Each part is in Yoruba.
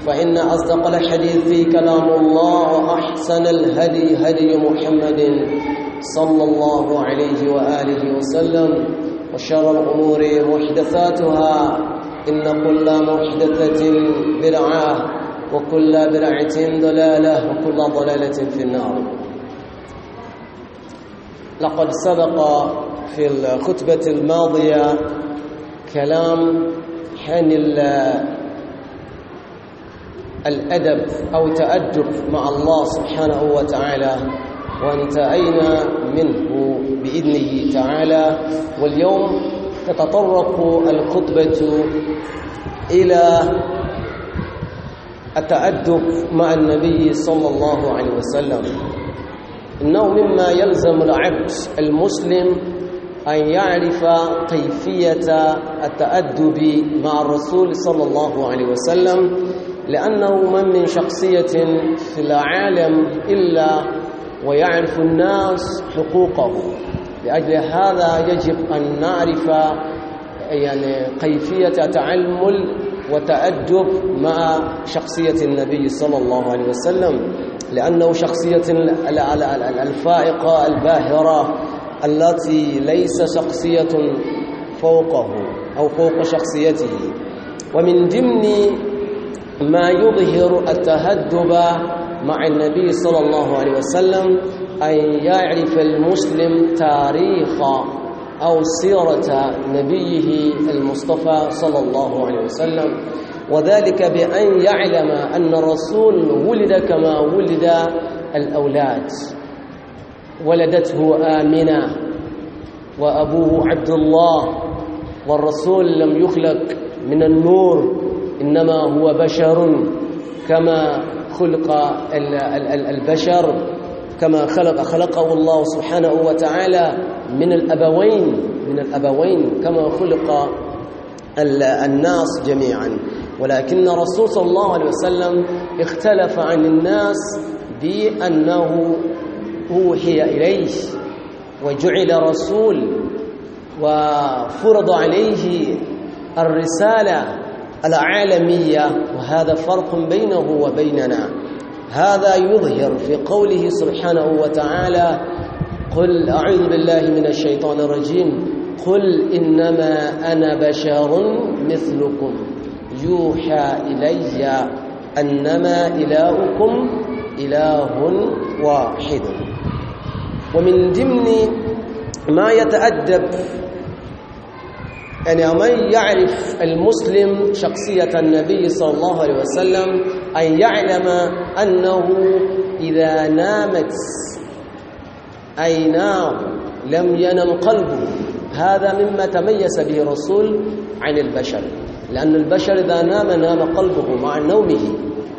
فإن أصدق الحديث كلام الله وأحسن الهدي هدي محمد صلى الله عليه وآله وسلم وشر الأمور محدثاتها إن كل محدثة برعاه وكل برعة ضلالة وكل ضلالة في النار لقد سبق في الخطبة الماضية كلام عن الأدب أو تأدب مع الله سبحانه وتعالى وانتهينا منه بإذنه تعالى واليوم تتطرق الخطبة إلى التأدب مع النبي صلى الله عليه وسلم إنه مما يلزم العبد المسلم أن يعرف كيفية التأدب مع الرسول صلى الله عليه وسلم لأنه من من شخصية في العالم إلا ويعرف الناس حقوقه لأجل هذا يجب أن نعرف يعني كيفية تعلمل وتأدب مع شخصية النبي صلى الله عليه وسلم لأنه شخصية الفائقة الباهرة التي ليس شخصية فوقه أو فوق شخصيته ومن ضمن ما يظهر التهدب مع النبي صلى الله عليه وسلم أن يعرف المسلم تاريخ أو سيرة نبيه المصطفى صلى الله عليه وسلم وذلك بأن يعلم أن الرسول ولد كما ولد الأولاد ولدته آمنة وأبوه عبد الله والرسول لم يخلق من النور إنما هو بشر كما خلق البشر كما خلق خلقه الله سبحانه وتعالى من الأبوين من الأبوين كما خلق الناس جميعا ولكن الرسول صلى الله عليه وسلم اختلف عن الناس بأنه أوحي إليه وجعل رسول وفرض عليه الرسالة العالمية وهذا فرق بينه وبيننا هذا يظهر في قوله سبحانه وتعالى قل أعوذ بالله من الشيطان الرجيم قل إنما أنا بشر مثلكم يوحى إلي أنما إلهكم إله واحد ومن ضمن ما يتأدب يعني من يعرف المسلم شخصية النبي صلى الله عليه وسلم أن يعلم أنه إذا نامت نام لم ينم قلبه هذا مما تميز به الرسول عن البشر لأن البشر إذا نام نام قلبه مع نومه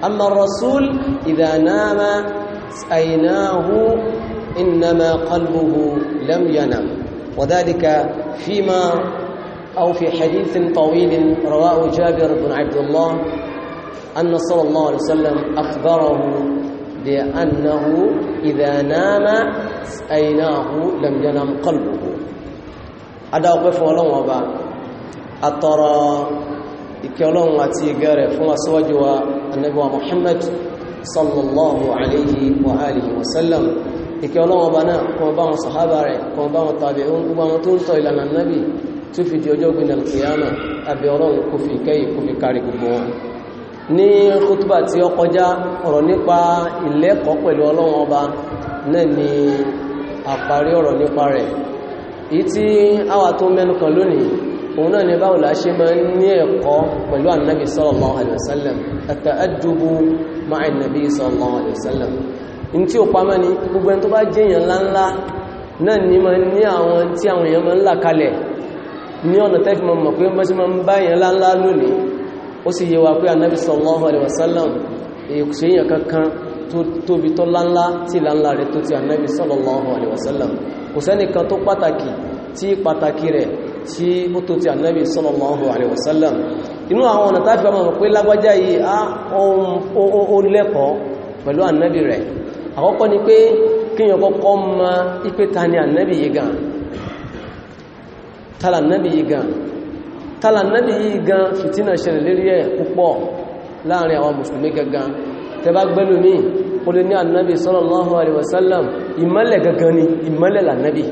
أما الرسول إذا نام أيناه إنما قلبه لم ينم وذلك فيما أو في حديث طويل رواه جابر بن عبد الله أن صلى الله عليه وسلم أخبره بأنه إذا نام أيناه لم ينام قلبه هذا أقف ولو وبا أترى إكلام أتيقر فما سواجه النبي محمد صلى الله عليه وآله وسلم إكلام وبنا كما بان صحابة كما بان تابعون كما بان تلطى إلى النبي tó fi di ọjọ́ gbìnà kìíyàmà àbí ọlọ́run kò fi kẹ́yì kò fi kárí gbogbo wọn ní kútùbà tí ó kọjá ọ̀rọ̀ nípa ìlẹ́kọ̀ọ́ pẹ̀lú ọlọ́run ọba náà ni àparí ọ̀rọ̀ nípa rẹ̀ èyí tí àwa tó mẹ́nu kan lónìí òun náà ni báwo la ṣe máa ń ní ẹ̀kọ́ pẹ̀lú ànábì sallallahu alaihi wasallam at-ta'addubu náà ni máa ní àwọn tí àwọn èèyàn máa ń là kalẹ̀ ní ọ̀nà tẹ́fì mọ̀ mọ̀ pé mọ́ sí máa ń bá èèyàn láńlá lónìí ó sì yẹ wa pé anábi sallallahu alaihi wasallam èkùsù èèyàn kankan tó tóbi tó láńlá tí láńlá rẹ̀ tó ti anábi sallallahu wasallam kò sẹ́nìkan tó pàtàkì tí pàtàkì rẹ̀ tí ó tó ti wasallam inú àwọn ọ̀nà tẹ́fì mọ̀ pé lágbájá yìí á ó lẹ́kọ̀ọ́ pẹ̀lú anábi rẹ̀ àkọ́kọ́ ni pé kíyàn kọ́kọ́ ma ipe ta ni tààlà náàbì yìí gan tààlà nabi yìí gan fìtínà ṣẹlẹ̀ lérí ẹ̀ púpọ̀ láàrin àwọn mùsùlùmí gangan tẹbá gbẹ́lùmí o lè ní annabi sallallahu alaihi wasallam imale gangan ni la nabi,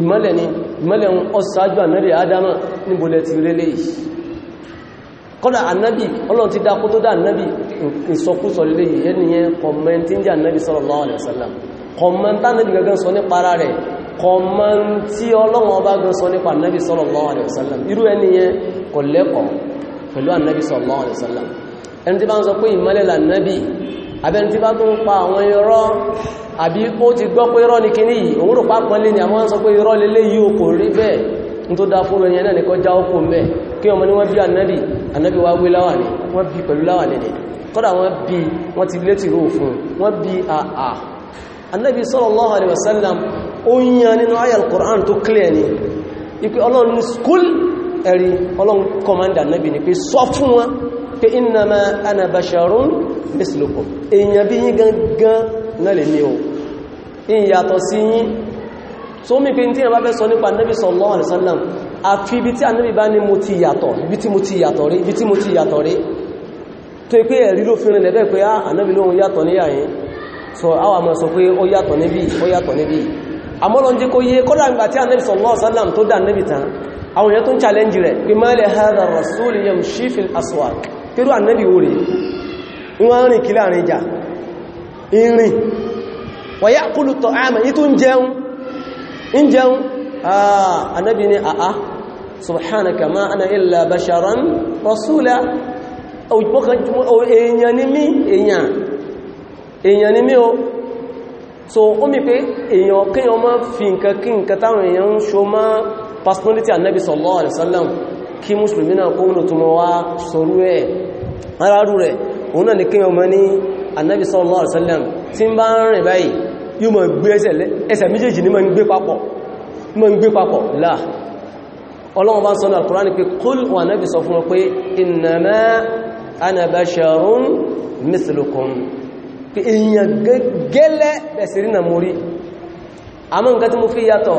imale ni imale ń ọsáájú annabi adama níbolẹ̀ ti rélé kọ́lá annabi ọlọ́run ti dákó tó dá annabi ìsọkúsọ lélé yìí ẹniyẹn kọmẹ́ntíńdì annabi sallallahu alaihi wasallam kọmẹ́ntá annabi gangan sọ nípa ara rẹ̀ kọ̀mọ̀ tí ọlọ́wọ́ bá gan sọ nípa annabi sallallahu alaihi wasallam irú ẹni yẹn kò lẹ́kọ̀ọ́ pẹ̀lú annabi sallallahu alaihi wasallam ẹni àbí ó ti gbọ́ pé ní yìí pápọ̀ o rí bẹ́ẹ̀ ní tó dá fún ẹni já mẹ́ kí ọmọ wọ́n bí wá láwà ní wọ́n bí ó yíyan ayal Qur'an tó clear ni ipe ọlọ́run skúl ẹ̀rí ọlọ́run kọmanda náà bí ni pé sọ fún wọn pé innama ana basharun mislukum èèyàn bí yín gangan náà lè ní o ìyàtọ̀ sí yín so mi pe n tí a bá fẹ́ sọ nípa nabi sallallahu alaihi wasallam àfi ibi tí ànábì bá ní mo ti yàtọ̀ ibi tí mo ti yàtọ̀ rí ibi tí mo ti yàtọ̀ rí tó pé ẹ̀rí ló fi rìnlẹ̀ bẹ́ẹ̀ pé ah, ànábì lóhun yàtọ̀ níyà yìí so àwọn àmọ́ sọ pé ó yàtọ̀ níbí ó yàtọ̀ níbí àmọ́lọ́njẹ́ kó yé kọ́lá ìgbà tí Ànábì sallallahu alaihi wasallam tó dá Ànábì tán àwọn èèyàn tó ń challenge rẹ̀ pé ma li hadha ar-rasul yamshi fil aswaq pẹ̀lú Ànábì wò rẹ̀ wọ́n rìn kí láàrin ìjà ìrìn wa ya'kulu ta'ama yí tó ń jẹun ń jẹun ah, Ànábì ni àá subhanaka so ó mi pé èèyàn kíyàn máa fi nǹkan kí nǹkan táwọn èèyàn ń ṣo máa personality annabi sallallahu alaihi wasallam kí musulmi náà kó múlò tó mọ́ wá sọrú ẹ̀ arárú rẹ̀ òun náà ni kíyàn máa ní annabi sallallahu alaihi wasallam tí ń bá ń rìn báyìí yóò máa gbé ẹsẹ̀ méjèèjì ní máa ń Ka èèyàn gẹ́lẹ́ bẹ̀sìrí na mori àmọ́ nǹkan tí mo fi yàtọ̀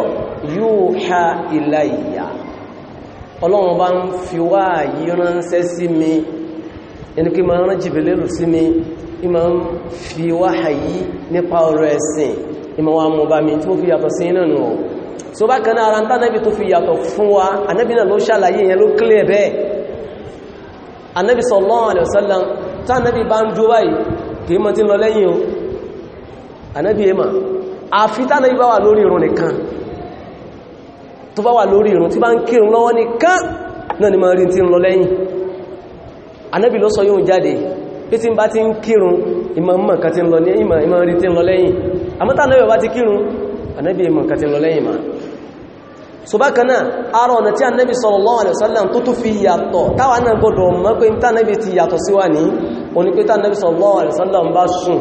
ha ilá ìyà ọlọ́run bá ń fi wá yí ránṣẹ́ sí mi ẹni kí ma rán jìbìlérù sí mi ha ń fi wá hayí nípa ọ̀rọ̀ ẹ̀sìn wa mọ̀ bá mi tí mo fi yàtọ̀ sí so bá kaná ara ń tó fi yàtọ̀ fún wa náà ló ṣàlàyé ló kílẹ̀ bẹ́ẹ̀ bá ń báyìí kìí mọ́ tí lọ lẹ́yìn o ànábì èmà àfítà náà wà lórí irun nìkan tó bá wà lórí irun tí bá ń kírùn lọ́wọ́ nìkan náà ni máa rí tí lọ lẹ́yìn ànábì ló sọ yóò jáde pé tí bá ti ń kírun ìmọ̀mọ̀ kan ti lọ lẹ́yìn so bákanáà ara ọ̀nà tí annabi sallallahu alaihi wasallam tó tún fi yàtọ̀ táwa náà gbọdọ̀ mọ̀ pé tí annabi ti yàtọ̀ sí wa ní oní pé tí annabi sallallahu alaihi wasallam bá sùn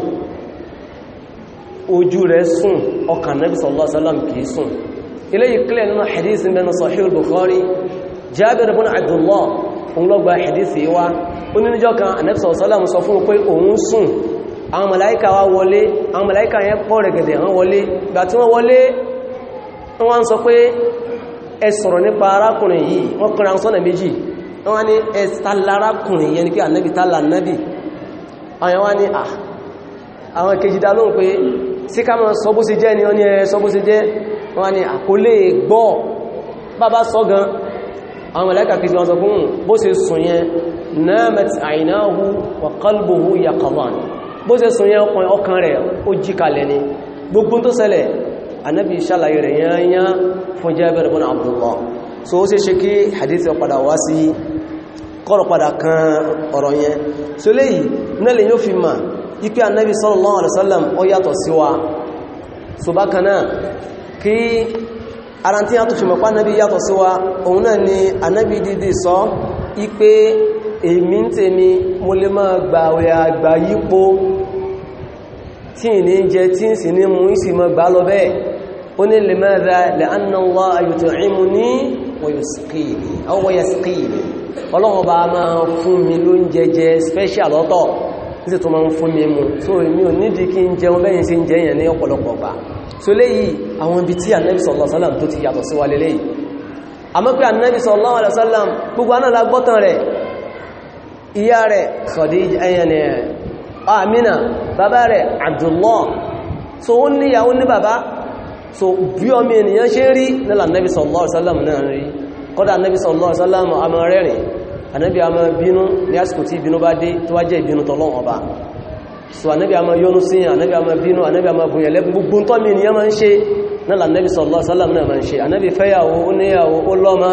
ojú rẹ̀ sùn ọkàn annabi sallallahu alaihi wasallam kìí sùn eléyìí clear nínú hadith nínú sahih al-bukhari jabir ibn abdullah òun ló gba hadith yìí wá ó ní níjọ́ kan annabi sallallahu alaihi wasallam sọ fún pé ẹ sọ̀rọ̀ nípa arákùnrin yìí wọ́n kọ́ra sọ́nà méjì wọ́n ní ẹ tàlárákùnrin yẹn ni pé ànábì tàlà nábì àwọn wá ní ah, àwọn kejì dá lóhùn pé sí ká mọ́ sọ bó ṣe jẹ́ ni wọ́n ní ẹ sọ bó ṣe jẹ́ wọ́n ní àkólé gbọ́ bàbá sọ gan àwọn ni gbogbo anábi ṣàlàyé rẹ̀ yányá fún Jabir ibn Abdullah so ó sì ṣe kí hadith padà wá sí kọ́rọ̀ padà kan ọ̀rọ̀ yẹn so léyìí na le yóò fi ma ipé anábi sallallahu alaihi wasallam ó yàtọ̀ siwa. wa so bákanáà kí ara tí a tó fi mọ̀pá anábi yàtọ̀ sí wa òun náà ni anábi dídì sọ ipé èmi ń tèmi mo lè máa gbàwẹ̀ àgbà yípo tí ní jẹ tí ń sì ní mú ìsìmọ̀ gbà lọ bẹ́ẹ̀ قل لماذا لأن الله يطعمني ويسقيني أو ويسقيني ọlọ́run bá máa fún mi ló ń jẹjẹ special lọ́tọ̀ ní tó máa ń fún mi mú so mi ò nídi kí n jẹun bẹ́yìn sí ń jẹ èyàn ní ọ̀pọ̀lọpọ̀ gbà so léyìí àwọn ibi tí Ànábì sallallahu alaihi wasallam tó ti yàtọ̀ sí wa léyìí àmọ́ pé Ànábì sallallahu so bí ọmọ ènìyàn ṣe rí nílà nẹ́bí sallallahu alaihi wasallam náà rí kọ́dá nẹ́bí sallallahu alaihi wasallam a máa rẹ́rìn anẹ́bí a máa bínú ní àsìkò tí ìbínú bá dé tó wá jẹ́ ìbínú tọ́lọ́run ọba so anẹ́bí a máa yọnu sí anẹ́bí a máa bínú anẹ́bí a máa bùn yẹ̀lẹ́ gbogbo tọ́ mi ènìyàn máa ń ṣe nílà nẹ́bí sallallahu alaihi wasallam náà máa ń ṣe anẹ́bí fẹ́yàwó oníyàwó ó lọ́mọ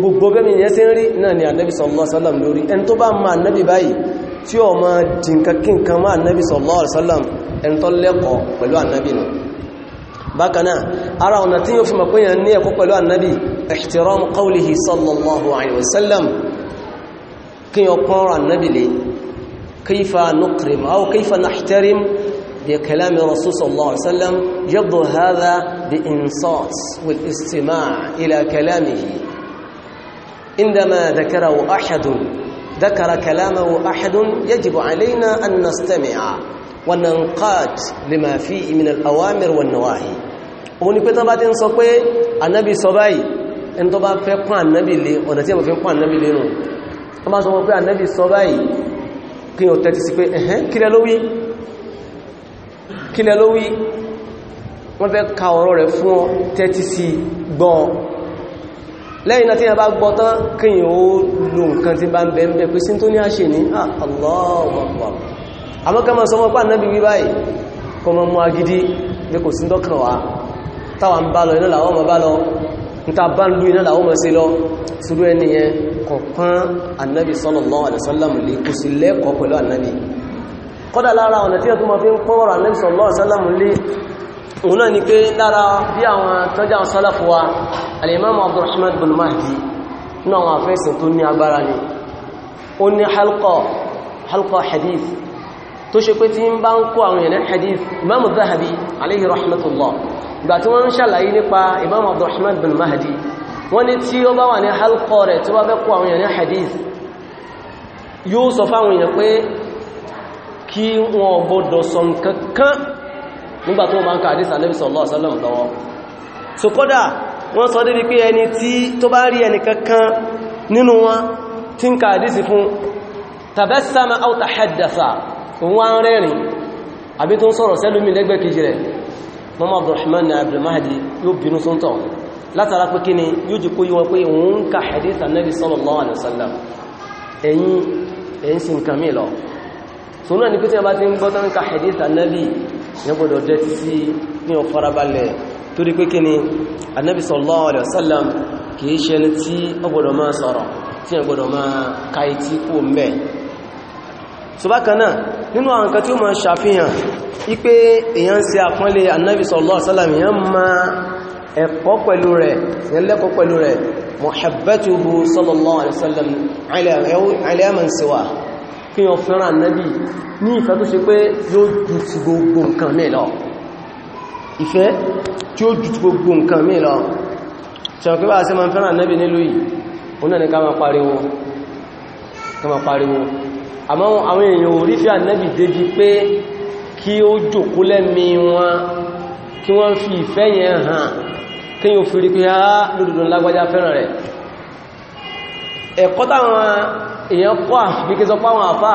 gbogbo bẹ́mi yẹn sí ń rí náà ni anẹ́bí sallallahu alaihi wasallam lórí ẹni tó bá ma anẹ́bí pẹ̀lú anẹ́bí bákanáà ara ọ̀nà tí yóò fi mọ̀ pé yàn ní ẹ̀kọ́ pẹ̀lú annabi ihtiram qawlihi sallallahu alaihi wasallam kí yàn pọ́n annabi lè kaifa nukrim aw kaifa nahtarim bi kalami rasul sallallahu alaihi wasallam yabdu hadha bi insat wal istima' ila kalamihi indama dhakarahu ahadun ذكر كلامه أحد يجب علينا أن نستمع وننقاد لما فيه من الأوامر والنواهي òun ni pé tán bá ti ń sọ pé ànábì sọ báyìí ẹni tó bá fẹ́ pán ànábì lé ọ̀nà tí ẹmọ̀ fẹ́ pán ànábì lé nù wọ́n bá sọ wọn pé ànábì sọ báyìí kí o tẹ́tí sí pé ẹ̀hẹ́n kílẹ̀ ló wí kílẹ̀ ló wí wọ́n fẹ́ ka ọ̀rọ̀ rẹ̀ fún ọ tẹ́tí sí gbọ́n lẹ́yìn náà tí a bá gbọ́ tán kí o lo nǹkan tí bá ń bẹ̀ ń bẹ̀ pé sí tó ní ah, àṣẹ ní àmọ́kà máa mọ́ mú agidi táwọn bá lọ iná làwọn ọmọ bá lọ níta bá ń lú iná làwọn ọmọ sí lọ ṣúrú ẹni yẹn kọ̀kan annabi sallallahu alaihi wasallam lè kò sí lẹ́kọ̀ọ́ pẹ̀lú annabi kọ́dà lára ọ̀nà tí ó ní halqa hadith tó ṣe pé tí ń bá ń kó àwọn èèyàn hadith imam zahabi alayhi rahmatullah ìgbà tí wọ́n ń ṣàlàyé nípa Imam Abdurrahman bin Mahdi wọ́n ní tí ó bá wà ní halkọ́ rẹ̀ tí wọ́n fẹ́ kó àwọn èèyàn ní hadith yóò sọ fáwọn èèyàn pé kí wọ́n gbọ́dọ̀ sọ nǹkankan nígbà tó máa ń ka hadith Ànábì sallallahu alaihi wasallam lọ́wọ́ so kódà wọ́n sọ débi pé ẹni tí tó bá rí ń ka hadith fún mama abu Abdul Mahdi yóò bínú tó ń tọ̀ látara pé kí ni yóò jí kó ka hadith Annabi sallallahu alaihi wasallam ẹ̀yìn ẹ̀yìn sí nǹkan mìí lọ tó náà ní pé tí a bá ti ń gbọ́ ń ka hadith Annabi gbọ́dọ̀ jẹ́ ti sí ní ọ pé kí ni Annabi sallallahu alaihi wasallam kìí so bákanáà nínú àwọn nǹkan tí ó ma ṣàfihàn ipé èyàn ṣe àpọ́nlé annabi sallallahu alaihi wasallam èyàn ma ẹ̀kọ́ pẹ̀lú rẹ̀ èyàn lẹ́kọ́ pẹ̀lú rẹ̀ muhabbatuhu sallallahu alaihi wasallam ala man siwa kí yàn fẹ́ràn annabi ní ìfẹ́ tó ṣe pé yóò ju ti gbogbo nǹkan mi lọ àmọ́ àwọn èèyàn orífẹ́ ànẹ́bì débi pé kí ó jòkó lẹ́mi wọn kí wọ́n fi ìfẹ́ yẹn hàn kí yíò fi rí pé á lòdòdó lágbàjá fẹ́ràn rẹ̀ ẹ̀kọ́ táwọn èèyàn kọ́ àfikẹ́sọ páwọn àfá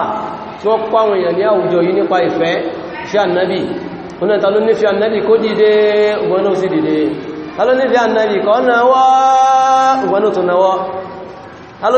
tí wọ́n kọ́ àwọn èèyàn ní àwùjọ yìí nípa ìfẹ́ sí ànẹ́bì ọ̀nà ta ló nífẹ́ ànẹ́bì kó dìde ọgbọ́n náà sì dìde ta ló nífẹ́ ànẹ́bì kọ́ náwọ́ ọgbọ́n náà tó náwọ́ ta ló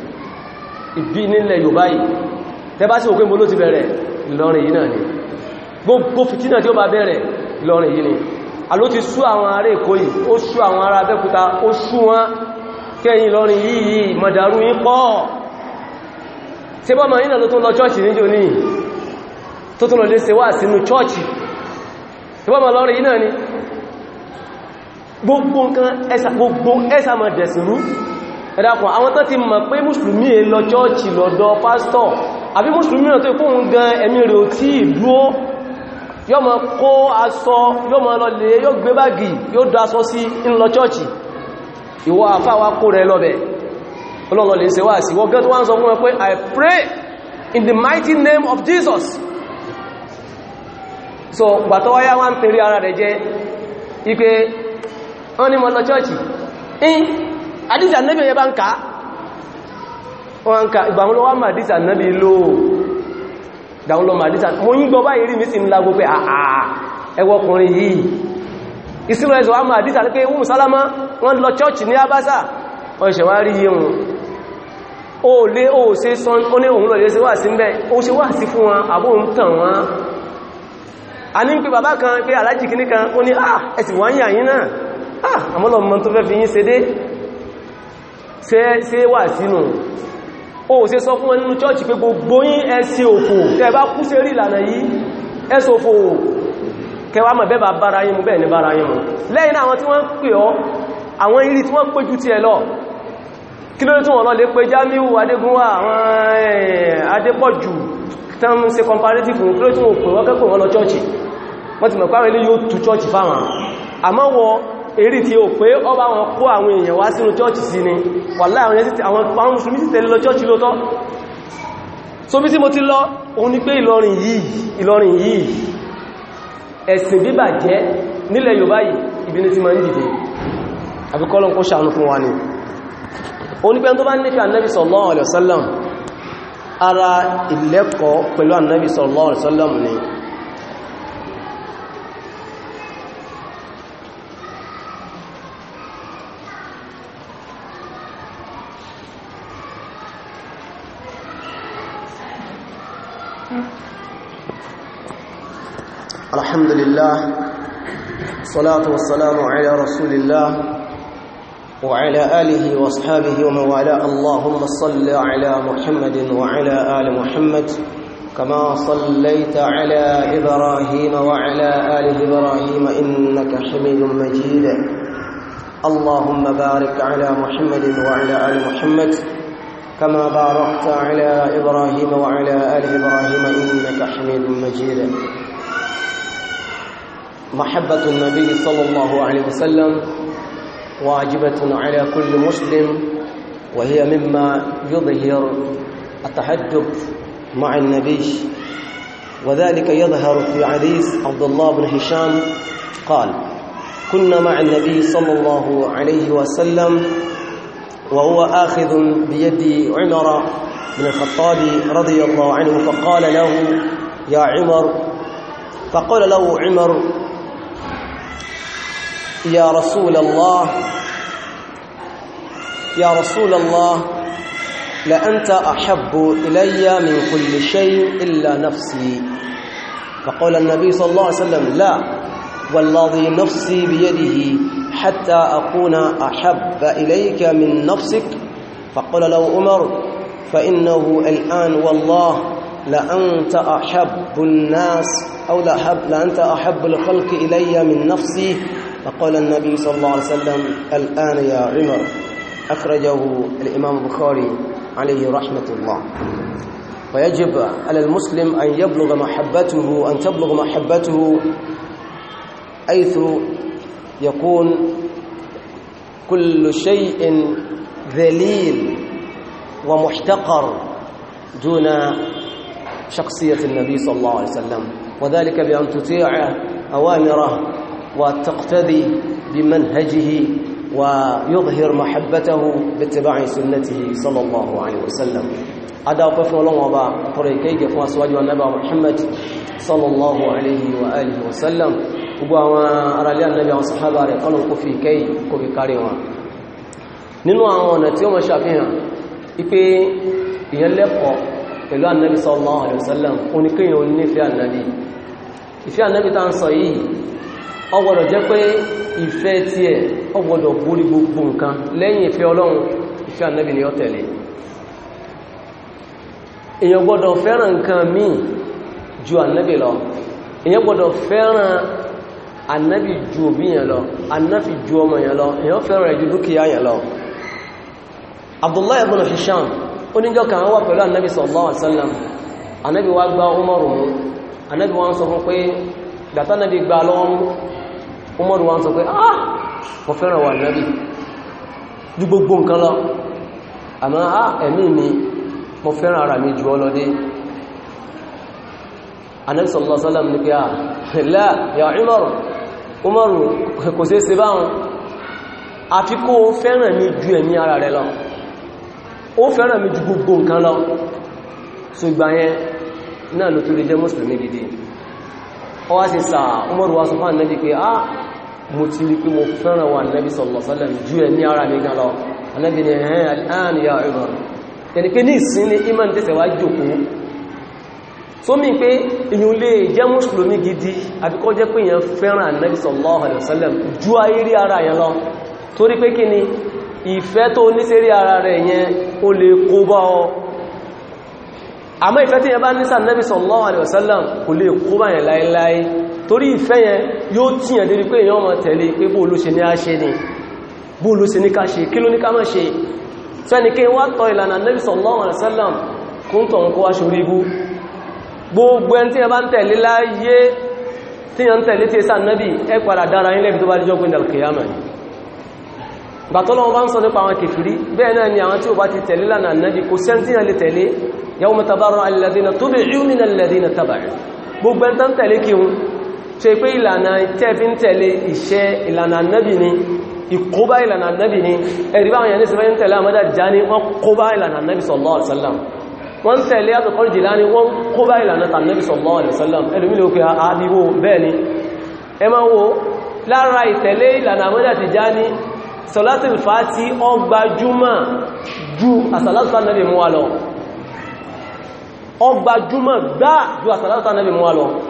ìbí nílẹ̀ Yorùbá yìí tẹbá sí òkú ìmúlò ti bẹ̀rẹ̀ Ìlọrin yìí náà ni gbogbo fìtínà tí ó bá bẹ̀rẹ̀ Ìlọrin yìí ni aló ti sú àwọn ará Èkó yìí ó sú àwọn ará Abẹ́òkúta ó sú wọn kẹ́yìn Ìlọrin yìí yìí mọ̀dàrú yìí pọ̀ tí bọ́ ma yínà ló tún lọ chọ́ọ̀chì níjò gbogbo ẹsà mọ̀ dẹ̀sìrú ẹ̀dàkùn àwọn tán ti mọ̀ pé mùsùlùmí è lọ chọ́ọ̀chì lọ́dọ̀ pásítọ̀ àbí mùsùlùmí náà tó gan ẹ̀mí rẹ̀ ò tí ìdúó yóò kó aṣọ yóò lọlẹ̀ yóò gbé báàgì yóò dá sí ńlọ pray in the mighty name of Jesus so gbàtọ́wáyá wá ń tẹ̀rí ara àdísì ànábì ẹ̀yẹ bá ń ká wọ́n ká ìgbàmú lọ wá máa àdísì ànábì ló dáun lọ máa àdísì ànábì mo yí gbọ́ báyìí rí mi sí ńlá gbogbo àà ẹwọ ọkùnrin yìí ìsinmi ẹ̀sọ̀ wá máa àdísì ànábì wọ́n sálámá wọ́n lọ chọ́ọ̀chì ní abáṣà ọ̀ṣẹ̀ wá ah ẹ̀sìn wáyà ah àmọ́lọ́mọ tó fẹ́ fi yín ṣe dé ṣe wà sínú o ṣe sọ fún wọn nínú chọ́ọ̀chì pé gbogbo yín ẹsẹ se tẹ́ bá kú sí rí ìlànà yìí ẹsẹ òfò kẹwàá mọ̀ bẹ́bà bára yín mú bẹ́ẹ̀ ní bára yín mú lẹ́yìn àwọn tí wọ́n pè ọ́ àwọn irí tí wọ́n pè jù ti ẹ lọ kí ló tún ọ̀nà lè pé Jamiu Adégúnwà àwọn eh, Adépọ̀jù tán se comparative fún kí ló tún òpè wọ́n kẹ́kọ̀ọ́ wọn lọ chọ́ọ̀chì wọ́n ti mọ̀ pàwọn ilé yóò tú chọ́ọ̀chì fáwọn àmọ́wọ́ èrí tí ó pé ọba wọn kó àwọn èèyàn wá sínú chọ́ọ̀chì sí ni wàláhí àwọn àwọn musulmi sì tẹ̀lé lọ chọ́ọ̀chì lótọ́ so bí tí mo ti lọ òun ni pé Ìlọrin yìí Ìlọrin yìí ẹ̀sìn bíbà jẹ́ nílẹ̀ Yorùbá yìí ìbínú ti máa ń dìde àbíkọ́lọ́n kó ṣàánú fún wa ni òun ni pé tó bá nífẹ̀ẹ́ Ànábì sallallahu alaihi wasallam ara ìlẹ́kọ̀ọ́ pẹ̀lú Ànábì sallallahu alaihi wasallam ni الحمد لله الصلاة والسلام على رسول الله وعلى آله واصحابه ومن والاه اللهم صل على محمد وعلى آل محمد كما صليت على إبراهيم وعلى آل إبراهيم إنك حميد مجيد اللهم بارك على محمد وعلى آل محمد كما باركت على إبراهيم وعلى آل إبراهيم إنك حميد مجيد محبة النبي صلى الله عليه وسلم واجبة على كل مسلم وهي مما يظهر التحجب مع النبي وذلك يظهر في عديث عبد الله بن هشام قال كنا مع النبي صلى الله عليه وسلم وهو آخذ بيد عمر بن الخطاب رضي الله عنه فقال له يا عمر فقال له عمر يا رسول الله يا رسول الله لأنت أحب إلي من كل شيء إلا نفسي فقال النبي صلى الله عليه وسلم لا والذي نفسي بيده حتى أكون أحب إليك من نفسك فقال له عمر فإنه الآن والله لأنت أحب الناس أو لأنت أحب الخلق إلي من نفسي فقال النبي صلى الله عليه وسلم الآن يا عمر أخرجه الإمام البخاري عليه رحمة الله ويجب على المسلم أن يبلغ محبته أن تبلغ محبته حيث يكون كل شيء ذليل ومحتقر دون شخصية النبي صلى الله عليه وسلم وذلك بأن تطيع أوامره وتقتدي بمنهجه ويظهر محبته باتباع سنته صلى الله عليه وسلم هذا وقف الله وبا طريقي كفوا سواجه النبي محمد صلى الله عليه وآله وسلم وبوا أرى النبي وصحابه قالوا كفي كي كفي كاريوا ننوع àwọn ọ̀nà tí ó mọ̀ ṣàfihàn ipé ìyẹn lẹ́kọ̀ọ́ pẹ̀lú annabi sallallahu alaihi wasallam oníkéyàn onífẹ́ annabi ọgbọ̀dọ̀ jẹ́ pé ìfẹ́ tí ẹ ọgbọ̀dọ̀ borí gbogbo nǹkan lẹ́yìn ìfẹ́ ọlọ́run ìfẹ́ ànábì ni ó tẹ̀lé èyàn fẹ́ràn nǹkan míì ju ànábì lọ èyàn fẹ́ràn ànábì ju òbí lọ ànábì ju ọmọ lọ èyàn fẹ́ràn ń sọ fún pé gba lọ́wọ́ mú Umaru wọn sọ pé ah mo fẹ́ràn wà náàbì ju gbogbo nǹkan lọ àmọ́ ah ẹ̀mí mi mo fẹ́ràn ara mi jù ọ lọ́dé Ànábì ah, ya Umaru Umaru kò sí ṣe báhùn àfi kó o fẹ́ràn mi ju ẹ̀mí ara rẹ lọ ó fẹ́ràn mi ju gbogbo náà ló tó lè jẹ́ mùsùlùmí gidi ọwá sí sàá Umaru wa sọ fún Ànábì pé ah mo ti rí pé mo fẹ́ràn wa nẹ́bí sọ̀lọ̀sọ́lẹ̀ ju ẹ̀ ní ara mi gan lọ anẹ́bí ni ẹ̀hẹ́n aláàníyà ìrọ̀ yẹni pé ní ìsìn ní iman tẹ́sẹ̀ wá jòkó tó mí pé ìyún lè jẹ́ mùsùlùmí gidi àbíkọ́ jẹ́ pé èèyàn fẹ́ràn anẹ́bí sọ̀lọ̀sọ́lẹ̀ ju ayérí ara yẹn lọ torí pé kí ni ìfẹ́ tó ní sí rí torí ìfẹ́ yẹn yóò tíyàn débi pé èyàn máa tẹ̀lé pé bó ló ṣe ní a ṣe ni bó ló ṣe ní ká ṣe kí ló ní ká má ṣe tó ẹnikẹ́ wá tọ ìlànà Nabi sallallahu alaihi wasallam kún tọ̀ kó wá ṣorí ibú gbogbo ẹni tí a bá ń tẹ̀lé láyé tí a ń tẹ̀lé tí ẹsà nábì ẹ padà tó pé ìlànà tẹ́fí ń tẹ̀lé ìṣẹ́ ìlànà nẹ́bì ni ìkóbá ìlànà nẹ́bì ni ẹ̀rí báwọn yẹn ní sẹ́fẹ́ ń tẹ̀lé àmọ́dá já ní wọ́n kóbá ìlànà nẹ́bì sallallahu alaihi wasallam wọ́n tẹ̀lé àtọ̀kọ́ jìlá ní wọ́n kóbá ìlànà tàbí sallallahu alaihi wasallam ẹlùmílò pé àbíwò bẹ́ẹ̀ ni ẹ máa wo lára ìtẹ̀lé ìlànà àmọ́dá ti já ní salatul fati ọgbàjúmọ̀ ju àsàlátà nẹ́bì mú wa lọ ọgbàjúmọ̀ gbá ju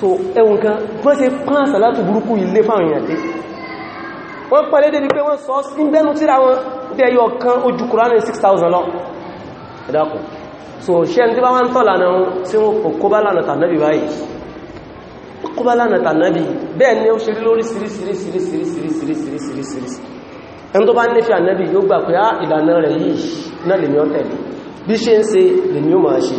so ẹwùn kan bọ́n ṣe pán sàlátù burúkú ilé fáwọn èèyàn dé wọ́n pàdé dé ní pé wọ́n sọ ìbẹ́nu tíra wọn bí ẹyọ kan ojú kùránì 6,000 lọ ẹ̀dàkùn so ṣe ń tí bá wá ń tọ́ lànà wọn tí wọ́n kò kó bá lànà tànàbí báyìí kó bá lànà tànàbí bẹ́ẹ̀ ni ó ṣe rí lórí sírísírísírísírísírísírísírísírísí ẹni tó bá nífẹ̀ẹ́ ànàbí yóò gbà pé á ìlànà rẹ̀ yìí náà lèmi ó tẹ̀lé bí ṣe ń ṣe lèmi máa ṣe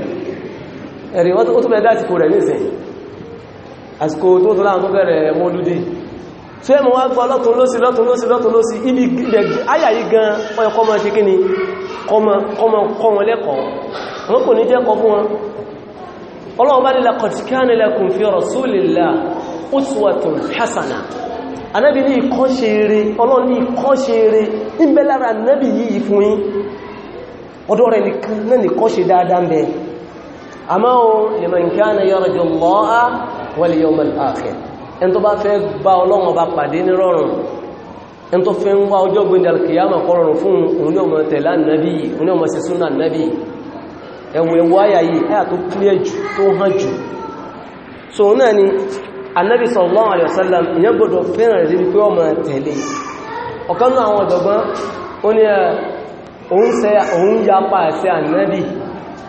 ẹ̀rì wọ́n tó bẹ̀rẹ̀ láti kò rẹ̀ nísìn àsìkò tó tó láàrín tó bẹ̀rẹ̀ mọ́lúdí tí ẹmọ wá gbọ́ lọ́tún lọ́sí lọ́tún lọ́sí lọ́tún lọ́sí ibi ayayi gan ọyọ̀kọ́ ma ṣe kí ni kọmọ kọmọ lẹ́kọ̀ọ́ wọn kò ní jẹ́ kọ fún wọn ọlọ́wọ́ bá nílẹ̀ kọ̀tíkánì lakum fi rasulillah uswatun hasana anábi ní nìkan náà dáadáa ń bẹ àmọ́ liman kana yarju Allaha wal yawmal akhir ẹni tó bá fẹ́ bá Ọlọ́run Ọba pàdé ní rọrùn ẹni tó fẹ́ ń wá ọjọ́ gbẹ̀dẹ̀ alkiyama kọrọrùn fún òun yóò mọ̀ so náà ni annabi sallallahu alaihi wasallam ìyẹn gbọdọ̀ fẹ́ràn rẹ̀ sí pé ó mọ̀ tẹ̀lé ọ̀kan náà àwọn ọ̀dọ̀gbọ́n ó ní òun ya pa àṣẹ annabi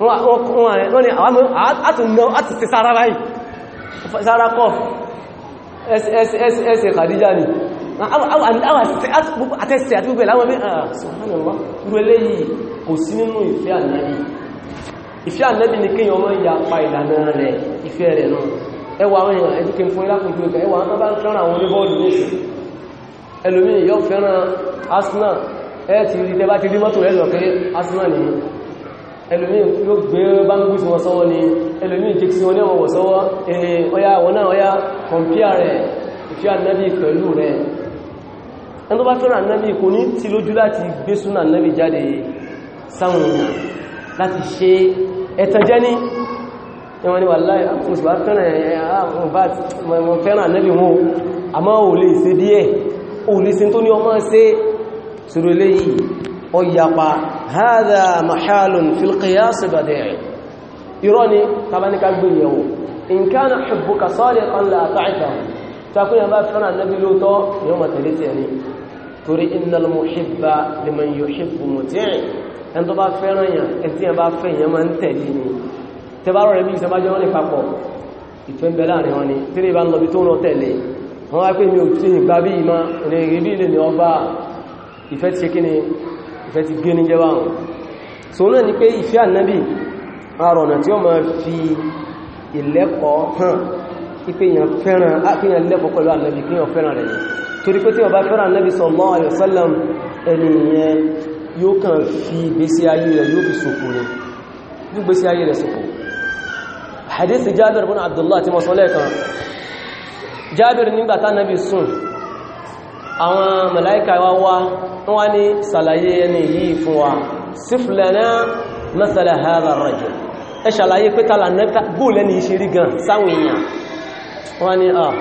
wọ́n ni àwọn àtúnṣe sára báyìí sára kọ́ ẹsẹ̀ kàdíjà ni àtẹ́sẹ̀ àti gbogbo ìlàwọn bí subhanallah irú eléyìí kò sí nínú ìfẹ́ ànábì ìfẹ́ ànábì ni kíyàn ọmọ ìyà pa ìlànà rẹ̀ ìfẹ́ rẹ̀ náà ẹwà àwọn èèyàn ẹdíkẹ fún ilákùnkú ẹgbẹ̀ ẹwà àwọn bá ń fẹ́ràn àwọn oníbọ́ọ̀lù nation ẹlòmí yóò fẹ́ràn Arsenal ẹ ti rí tẹ́bá ti rí mọ́tò rẹ̀ lọ́kẹ́ Arsenal nìyàn ẹlòmí yóò gbé báńgbé sí wọn sọ́wọ́ ni ẹlòmí jẹ́ sí wọn ní ọmọ wọ̀sọ́wọ́ ẹni ọya wọn náà ọya kọmpíà rẹ̀ ìfẹ́ ànábì pẹ̀lú rẹ̀ ẹni tó bá fẹ́ràn ànábì kò ní ti lójú láti gbé súnà ànábì jáde sáwọn láti ṣe ẹ̀tànjẹ́ ní ẹwọ́n ni wàláhì ah, ah, fẹ́ràn ànábì wọn àmọ́ ò lè ṣe هذا محال في القياس بديع يروني طبعا كاغبن يو ان كان حبك صادقا لا تعته تكون ما فنا النبي لوط يوم تلتي يعني تري ان المحب لمن يحب مطيع ان تو با فنا يا ان تي با فẹ́ yẹn ma ntẹ̀lé ni tẹ́ bá rore bi se ba jo ni papọ̀ ìfẹ́ ńbẹ láàrin wọn ni tí lè bá ń lọ wá pé mi ò tí ìgbà bí ìmá ìrìnrìn bí lè ní ọba ìfẹ́ ti ṣe kí ni ìfẹ́ ti gbé ní jẹba wọn so náà ni pé ìfẹ́ ànábì arọ̀nà tí ó ma fi ìlẹ́kọ̀ọ́ hàn ipé èèyàn fẹ́ràn àkíyàn lẹ́kọ̀ọ́ pẹ̀lú ànábì kí èèyàn fẹ́ràn rẹ̀ torí pé tí wọ́n bá fẹ́ràn ànábì sallallahu alaihi wasallam ẹniyàn yóò kàn fi ìgbésí ayé rẹ̀ yóò fi sòfò rẹ̀ ní ìgbésí ayé rẹ̀ sòfò hadith Jabir bin Abdullah tí mo sọ lẹ́ẹ̀kan Jabir nígbàtá ànábì sùn àwọn màláíkà wá wá wọ́n ní sàlàyé ẹni yìí fún wa sífìlẹ̀nà mẹ́sàlẹ̀ hàrà rajul ẹ sàlàyé pé tààlà nẹ́ta bóòlẹ́ ní ìṣe rí gan sáwọn èèyàn wọ́n ní à ah,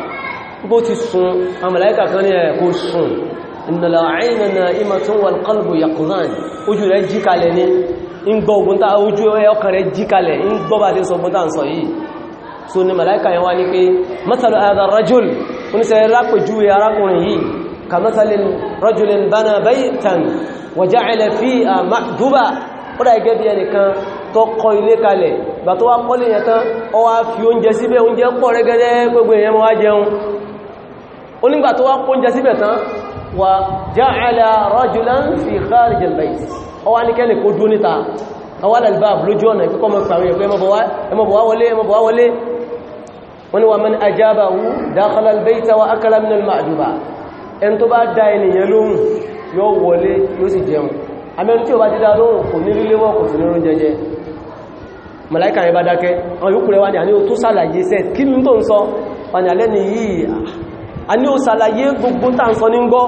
bó ti sun àwọn màláíkà kan ní ẹ̀ kó sun innal ayna na'imatun wal qalbu yaqzan ojú rẹ̀ jí kalẹ̀ ní ń ni màláíkà yẹn wá ní pé mẹ́sàlẹ̀ hàrà كمثل رجل بنى بيتا وجعل فيه محدبا ó dáa يعني bí ẹnìkan tó kọ́ ilé kalẹ̀ gbà tó wá kọ́lé yẹn tán ó wá fi oúnjẹ síbẹ̀ oúnjẹ pọ̀ rẹ́gẹ́rẹ́ gbogbo èèyàn wá jẹun ó nígbà tó wá kóúnjẹ síbẹ̀ tán wà ja'ala rajulan fi kharij al-bayt ó wá ní kẹ́lẹ̀ kó dúó níta àwọn alàlbáàb lójú ọ̀nà ìpíkọ́ mọ́ sàwọn ẹ̀kọ́ ẹmọ́bọ̀wá wọlé ẹmọ́bọ̀wá wọlé wọ́n ni wà man ajabahu dakhala al wa akala min al ẹni tó bá dá ènìyàn lóhùn yóò wọlé yóò sì jẹun amẹ́rin tí ó bá ti dá lóhùn kò ní líléwọ́ kò sí lórún jẹjẹ màláìkà yẹn bá dákẹ́ àwọn yóò kúrẹ́ wá ní àní ó tó sàlàyé sẹ́ kí ní tó ń sọ wà ní alẹ́ ni yìí a ní ó sàlàyé gbogbo tá ń sọ ní gọ́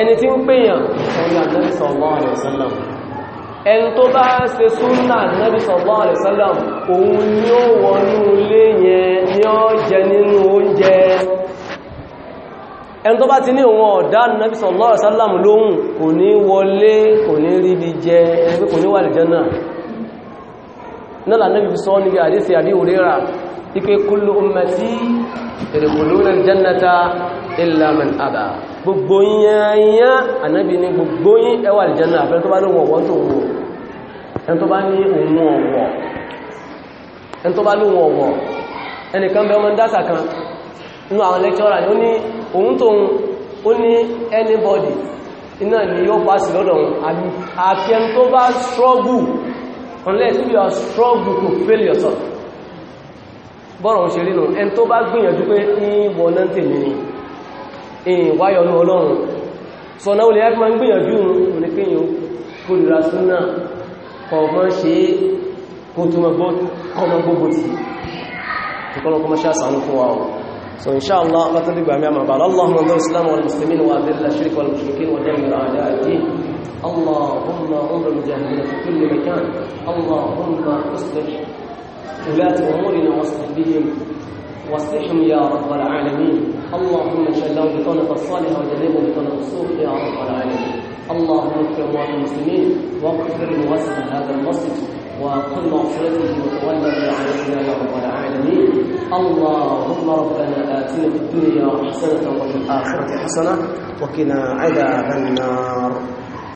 ẹni tí ń pèèyàn òun ni àdánìsọ̀ ọgbọ́n àrẹ̀ ẹni tó bá ṣe súnnà Nabi sallallahu alaihi wasallam òun ni ó wọnú ilé yẹn ni ó jẹ nínú oúnjẹ ẹni tó bá ti ní òun ọ̀dá Nabi sallallahu alaihi wasallam lóhùn kò ní wọlé kò ní ríbi jẹ ẹgbẹ́ kò ní wà lìjánà náà gbogbo yányá ànábì ní gbogbo yín ẹwà àlìjánà àfẹ́ tó bá ní wọ̀wọ́ tó wọ́ ẹn tó bá ní òun ọ̀wọ̀ ẹn tó bá ní òun ọ̀wọ̀ ẹnìkan bẹ ọmọ dásà kan inú àwọn lẹ́kṣọ́rà ni ó ní òun tóun ó ní anybody iná ni yóò bá sí lọ́dọ̀ àfi ẹn tó bá struggle unless you are struggle to fail yourself bọ́rọ̀ òṣèré nù ẹn tó bá gbìyànjú pé ní wọ̀nà tèmi ni èyìn eh, wáyọnú ọlọ́run sọ̀nà olè ẹ́kùnmá ń gbìyànjú oníkéyìn kòlùra súnà kọ̀ọ̀mọ́ ṣe kó tó mọ́ gbogbo tí ìkọlọ́kọmọ́ ṣáṣánú fún wa so inṣáàlá látọ́lú ìgbà mẹ́ àmàbà aláhùn ọdọ́ islam wal muslimin wa adilla shirk wal mushrikin wa jami'a a'da'id المجاهدين في كل مكان اللهم اصلح ولاة امورنا واصلح بهم واصلحهم يا رب العالمين اللهم اجعلهم بطانة الصالحة وجنبهم بطانة السوء يا رب العالمين اللهم اغفر اموات المسلمين واغفر مؤسس هذا المسجد وكل مغفرته وتولى بعلمنا يا رب العالمين اللهم ربنا اتنا في الدنيا حسنه وفي الاخره حسنه وقنا عذاب النار